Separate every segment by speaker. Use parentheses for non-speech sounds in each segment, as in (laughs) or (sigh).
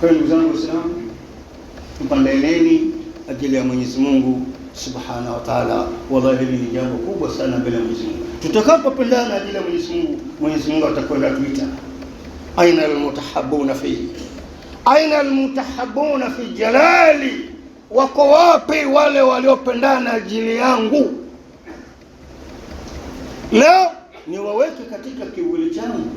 Speaker 1: Kwa hiyo ndugu zangu Waislamu, tupambaneni ajili ya Mwenyezi Mungu subhanahu wa taala. Wallahi, hili ni jambo kubwa sana mbele ya Mwenyezi Mungu. Tutakapopendana ajili ya Mwenyezi Mungu, Mwenyezi Mungu atakwenda kuita aina almutahabuna fi aina almutahabuna fi jalali, wako wapi wale waliopendana ajili yangu? Leo niwaweke katika kivuli changu,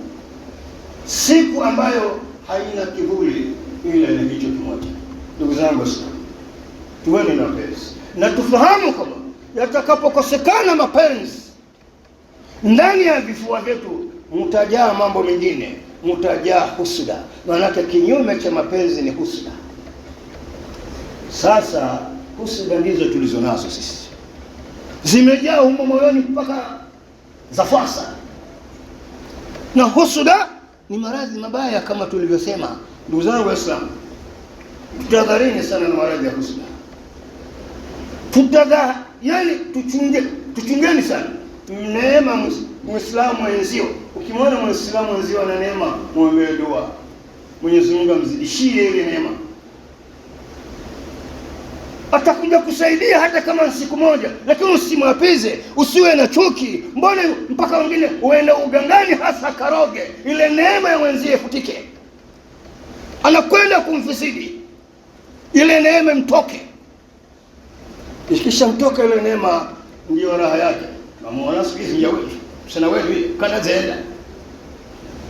Speaker 1: siku ambayo haina kivuli ila na kichwa kimoja. Ndugu zangu Waislamu, tuweni na mapenzi na tufahamu kwamba yatakapokosekana mapenzi ndani ya vifua vyetu, mtajaa mambo mengine, mtajaa husuda. Maanake kinyume cha mapenzi ni husuda. Sasa husuda ndizo tulizo nazo sisi, zimejaa humo moyoni mpaka zafasa, na husuda ni maradhi mabaya kama tulivyosema. Ndugu zangu Waislamu, tutadharini sana na maradhi ya husna, Tutadha yani, tuchunge tuchungeni sana neema Muislamu wenzio. Ukimwona Muislamu wenzio ana neema, muombee dua, Mwenyezi Mungu amzidishie ile neema, atakuja kusaidia hata kama siku moja, lakini usimwapize, usiwe na chuki. Mbona mpaka wengine uende ugangani, hasa karoge ile neema ya mwenzie futike anakwenda kumfisidi, ile neema mtoke. ikisha mtoka ile neema, ndio raha yake. Namuona siku hizi sana wewe kana zenda,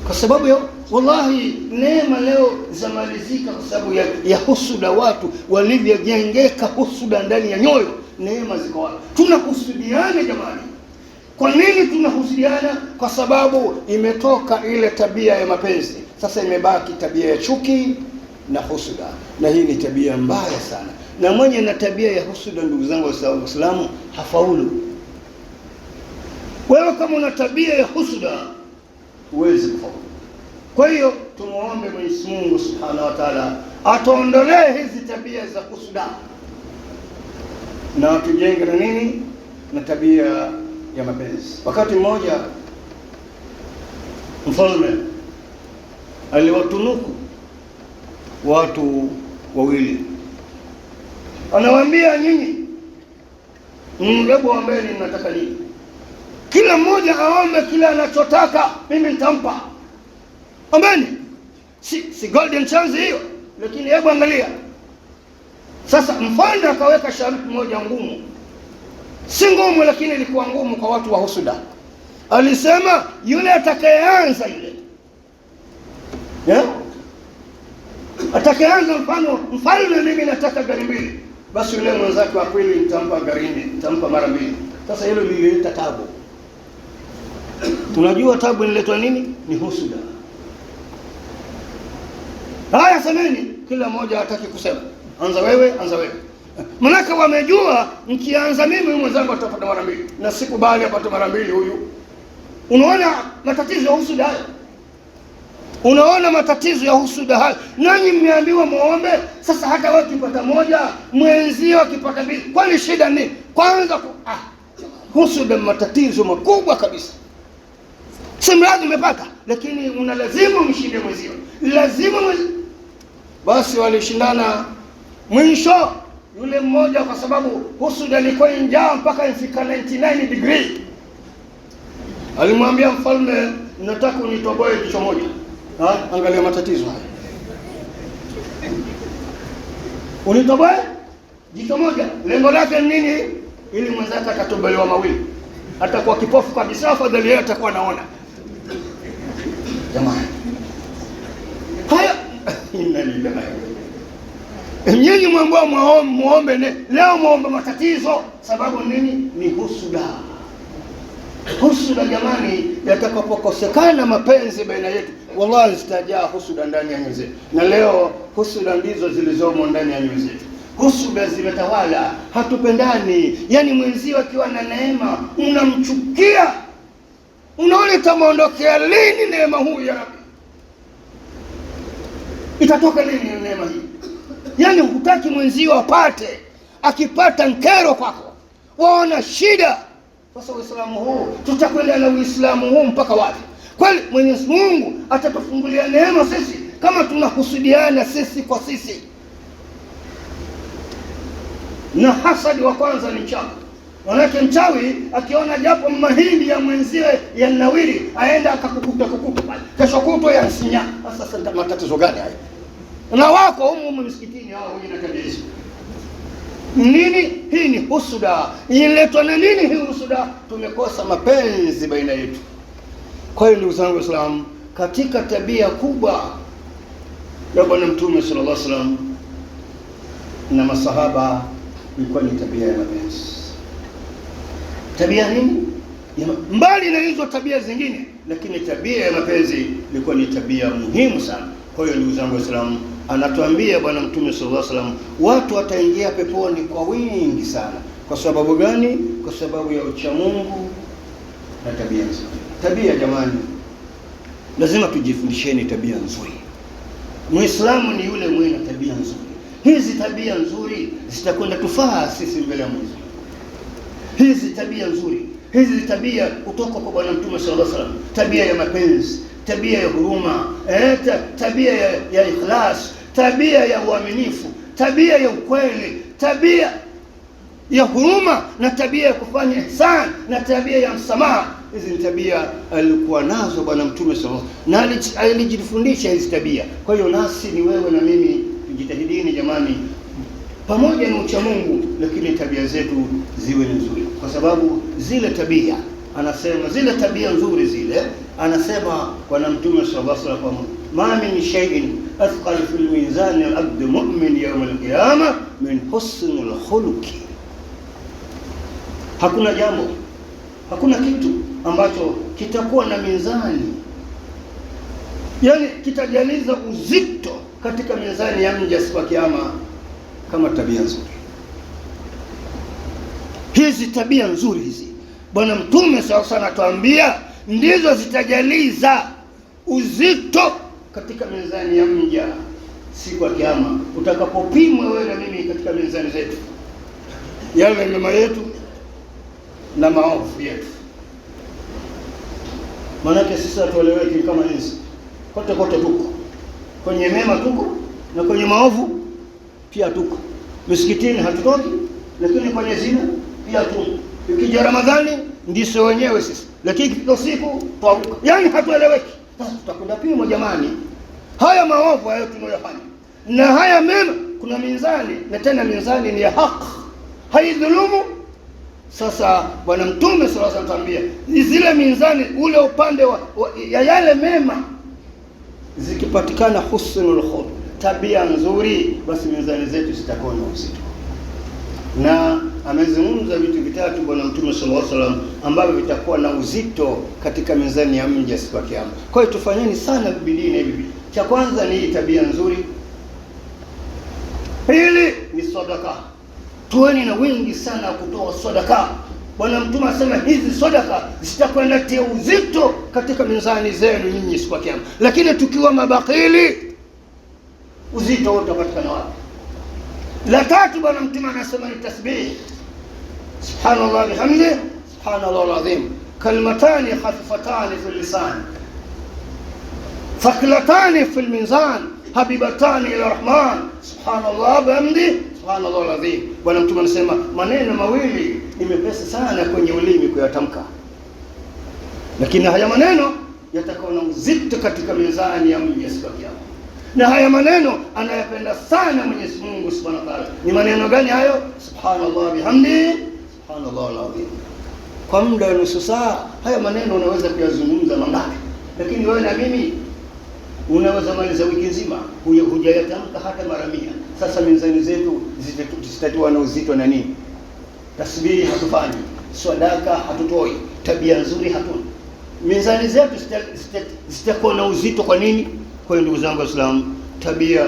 Speaker 1: kwa sababu ya wallahi, neema leo zamalizika kwa sababu ya, ya husuda. Watu walivyojengeka husuda ndani ya nyoyo, neema ziko wapi? Tunahusudiana jamani. Kwa nini tunahusudiana? Kwa sababu imetoka ile tabia ya mapenzi. Sasa imebaki tabia ya chuki na husuda, na hii ni tabia mbaya sana, na mwenye na tabia ya husuda, ndugu zangu Waislamu, hafaulu. Wewe kama una tabia ya husuda huwezi kufaulu. Kwa hiyo tumuombe Mwenyezi Mungu Subhanahu wa Ta'ala atuondolee hizi tabia za husuda na tujenge na nini na tabia ya mapenzi. Wakati mmoja mfalme aliwatunuku watu wawili, anawaambia nyinyi mrebo ambaye ninataka nini, kila mmoja aombe kile anachotaka, mimi nitampa. Ombeni, si, si golden chance hiyo. Lakini hebu angalia sasa, mfalme akaweka sharti moja ngumu, si ngumu, lakini ilikuwa ngumu kwa watu wa husuda. Alisema yule atakayeanza ile yeah? Atakaanza mfano mfalme, mimi nataka gari mbili, basi yule mwenzake wa kweli nitampa gari nne, nitampa mara mbili. Sasa hilo lilileta tabu. Tunajua tabu inaletwa nini? Ni husuda. Haya, semeni, kila mmoja hataki kusema. Anza wewe, anza wewe, manake wamejua nikianza mimi mwenzangu atapata mara mbili, na sikubali apate mara mbili huyu. Unaona matatizo ya husuda hayo. Unaona matatizo ya husu hayo. Nanyi mmeambiwa muombe, sasa hata wewe ukipata moja mwenzio akipata mbili, kwani shida ni Kwanza ku, ah, husuda matatizo makubwa kabisa. Si mradi umepata, lakini una lazima mshinde mwenzio, lazima mwenzio. Basi walishindana, mwisho yule mmoja, kwa sababu husuda ilikuwa njaa mpaka ifika 99 degree, alimwambia mfalme, nataka unitoboe kichwa moja Ha? Angalia matatizo haya. Ulitoboa jicho moja, lengo lake ni nini? Ili mwenzake akatobolewa mawili, atakuwa kipofu kabisa, afadhali yeye atakuwa anaona. Jamani, haya (laughs) inna lillahi. Nyinyi mwambao muombe ne leo, muombe matatizo. Sababu nini? Ni husuda. Husuda jamani, yatakapokosekana mapenzi baina yetu wallahi zitajaa husuda ndani ya nyuzi zetu, na leo husuda ndizo zilizomo ndani ya nyuzi zetu. Husuda zimetawala, hatupendani. yani mwenzio akiwa na neema unamchukia, unaona itamwondokea lini neema huyu ya Rabbi, itatoka lini neema hii? yani hutaki mwenzio apate, akipata nkero kwako, waona shida. Sasa Uislamu huu, tutakwenda na Uislamu huu mpaka wapi? Kweli Mwenyezi Mungu atatufungulia neema sisi kama tunakusudiana sisi kwa sisi. Na hasadi wa kwanza ni mchawi. Manake mchawi akiona japo mahindi ya mwenzie ya nawili aenda akakukuta kukuta pale, kesho kutwa sinya. Sasa matatizo gani haya? Na wako humu humu msikitini hao na nakabisa nini? Hii ni husuda, iletwa na nini hii husuda? Tumekosa mapenzi baina yetu. Kwa hiyo ndugu zangu Waislamu, katika tabia kubwa ya Bwana Mtume sallallahu alaihi wasallam na masahaba ilikuwa ni tabia ya mapenzi. Tabia nini? Mbali na hizo tabia zingine, lakini tabia ya mapenzi ilikuwa ni tabia muhimu sana. Kwa hiyo ndugu zangu Waislamu, anatuambia Bwana Mtume sallallahu alaihi wasallam, watu wataingia peponi kwa wingi sana. Kwa sababu gani? Kwa sababu ya uchamungu na tabia nzuri tabia. Jamani, lazima tujifundisheni tabia nzuri. Muislamu ni yule mwenye tabia nzuri. Hizi tabia nzuri zitakwenda tufaa sisi mbele ya Mwenyezi Mungu. Hizi tabia nzuri, hizi tabia kutoka kwa Bwana Mtume sallallahu alaihi wasallam, tabia ya mapenzi, tabia ya huruma, eh, tabia ya, ya ikhlas, tabia ya uaminifu, tabia ya ukweli, tabia ya huruma na tabia ya kufanya ihsan na tabia ya msamaha. Hizi ni tabia alikuwa nazo Bwana Mtume sallallahu na alijifundisha hizi tabia. Kwa hiyo nasi ni wewe na mimi tujitahidini jamani, pamoja na ucha Mungu, lakini tabia zetu ziwe ni nzuri, kwa sababu zile tabia anasema zile tabia nzuri zile, anasema Bwana Mtume sallallahu alaihi wasallam, ma min shay'in athqal fil mizan al-abd mu'min yawm al qiyama min husnil khuluqi, hakuna jambo, hakuna kitu ambacho kitakuwa na mizani, yani kitajaliza uzito katika mizani ya mja siku ya Kiyama kama tabia nzuri. Hizi tabia nzuri hizi Bwana Mtume sawa sana atuambia ndizo zitajaliza uzito katika mizani ya mja siku ya Kiyama, utakapopimwa wewe na mimi katika mizani zetu, yale mema yetu na maovu yetu. Maanake sisi hatueleweki kama jinsi, kote kote tuko kwenye mema, tuko na kwenye maovu pia tuko. Misikitini hatutoki, lakini kwenye zina pia tuko. Ikija Ramadhani ndiso wenyewe sisi, lakini kila siku tuaruka, yaani hatueleweki. Sasa tutakwenda pimo jamani, haya maovu hayo tunayofanya na haya mema, kuna mizani na tena mizani ni ya haki, haidhulumu sasa Bwana Mtume sala alaihi ni zile minzani ule upande wa, wa, ya yale mema zikipatikana, husnul khulq, tabia nzuri, basi minzani zetu zitakuwa na uzito. Na amezungumza vitu vitatu Bwana Mtume sallallahu alaihi wasallam ambavyo vitakuwa na uzito katika mizani ya mja siku ya Kiyama. Kwa hiyo tufanyeni sana bidii na hivi. Cha kwanza ni tabia nzuri, pili ni sadaka tuweni na wingi sana wa kutoa sadaka. Bwana Mtume asema hizi sadaka zitakwenda tia uzito katika mizani zenu nyinyi siku ya Kiyama, lakini tukiwa mabakili uzito wote utapatikana wapi? La tatu, Bwana Mtume anasema ni tasbihi, subhanallah bihamdi subhanallah alazim, kalmatani khafifatani fil lisan thaqilatani fil mizan habibatani ila rahman subhanallah bihamdi Subhanallah ladhim. Bwana Mtume anasema maneno mawili ni mepesi sana kwenye ulimi kuyatamka, lakini haya maneno yatakuwa na uzito katika mizani ya Mwenyezi Mungu. Na haya maneno anayapenda sana Mwenyezi Mungu Subhanahu wa Ta'ala. Ni maneno gani hayo? Subhanallah bihamdi, subhanallah ladhim. Kwa muda wa nusu saa haya maneno unaweza kuyazungumza mangapi, lakini wewe na mimi unaweza maliza wiki nzima hujayatamka hata mara mia. Sasa mizani zetu zitatiwa na uzito na nini? Tasbihi hatufanyi, swadaka hatutoi, tabia nzuri hatuna. Mizani zetu zitakuwa na uzito. Kwa nini? Kwa hiyo ndugu zangu Waislamu, tabia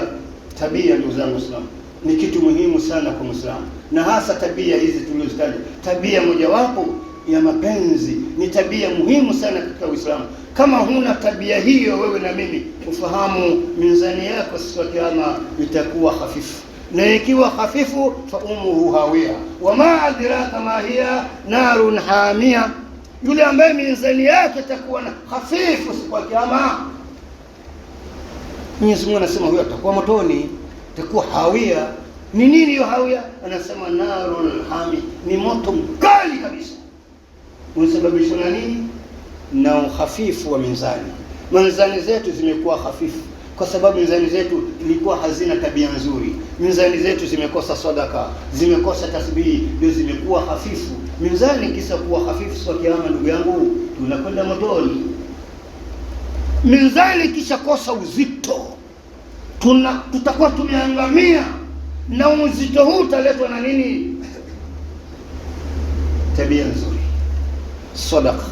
Speaker 1: tabia, ndugu zangu Waislamu, ni kitu muhimu sana kwa Muislamu, na hasa tabia hizi tuliozitaja. Tabia mojawapo ya mapenzi ni tabia muhimu sana katika Uislamu. Kama huna tabia hiyo, wewe na mimi ufahamu, mizani yako siku ya Kiyama itakuwa hafifu, na ikiwa hafifu, fa ummuhu hawia wama adraka ma hiya narun hamia. Yule ambaye mizani yake itakuwa na hafifu siku ya Kiyama, Mwenyezi Mungu anasema huyo atakuwa motoni, atakuwa hawia. Ni nini hiyo hawia? Anasema narun hamia, ni moto mkali kabisa, unasababishwa na nini? na uhafifu wa mizani. Mizani zetu zimekuwa hafifu kwa sababu mizani zetu ilikuwa hazina tabia nzuri. Mizani zetu zimekosa sadaka, zimekosa tasbihi, ndio zimekuwa hafifu. Mizani kisa kuwa hafifu sio kiama, ndugu yangu, tunakwenda motoni. Mizani kisha kosa uzito, tuna tutakuwa tumeangamia. Na uzito huu utaletwa na nini? Tabia nzuri, sadaka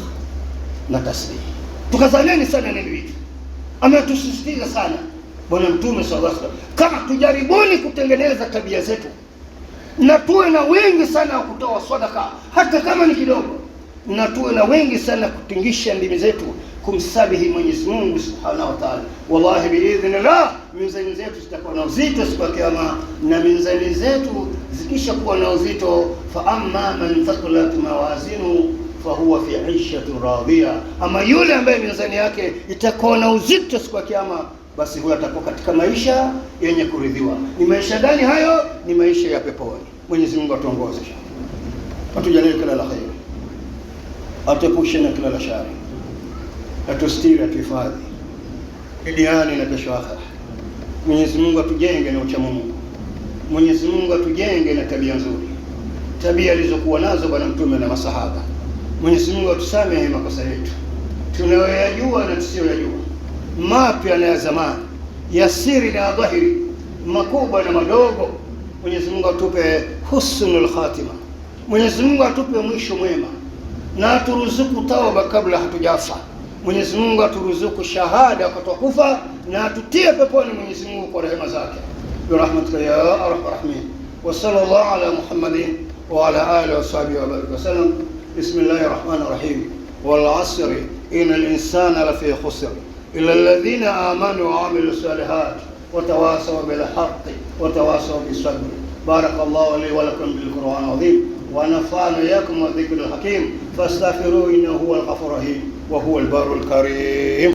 Speaker 1: na tasbihi. Tukazaneni sana neno hili, ametusisitiza sana Bwana Mtume sallallahu alaihi wasallam, kama tujaribuni kutengeneza tabia zetu na tuwe na wengi sana wa kutoa sadaka hata kama ni kidogo, na tuwe na wengi sana kutingisha ndimi zetu kumsabihi Mwenyezi Mungu subhanahu wa taala. Wallahi biidhnillah, mizani zetu zitakuwa na uzito siku ya Kiyama, na mizani zetu zikishakuwa na uzito, fa amma man thaqulat mawazinu fahuwa fi aishatin radhiya, ama yule ambaye mizani yake itakuwa na uzito siku ya Kiyama, basi huyo atakuwa katika maisha yenye kuridhiwa. Ni maisha gani hayo? Ni maisha ya peponi. Mwenyezi Mungu atuongoze, atujalie kila la khair, atepushe na kila la shari, atustiri, atuhifadhi iliani na kesho akhera. Mwenyezi Mungu atujenge na ucha Mungu. Mwenyezi Mungu atujenge na tabia nzuri, tabia alizokuwa nazo Bwana Mtume na masahaba. Mwenyezi Mungu atusamehe makosa yetu tunayoyajua na tusiyoyajua, mapya na ya zamani, yasiri na dhahiri, makubwa na madogo. Mwenyezi Mungu atupe husnul khatima, Mwenyezi Mungu atupe mwisho mwema na aturuzuku tauba kabla hatujafa. Mwenyezi Mungu aturuzuku shahada kwa wa na atutie peponi Mwenyezi Mungu kwa rehema zake, rahmatika ya arhamar rahimin. Wa sallallahu ala Muhammadin wa ala alihi wa sahbihi wa wa sallam. بسم الله الرحمن الرحيم والعصر إن الإنسان لفي خسر إلا الذين آمنوا وعملوا الصالحات وتواصوا بالحق وتواصوا بالصبر بارك الله لي ولكم بالقرآن العظيم ونفعنا إياكم والذكر الحكيم فاستغفروه إنه هو الغفور الرحيم وهو البر الكريم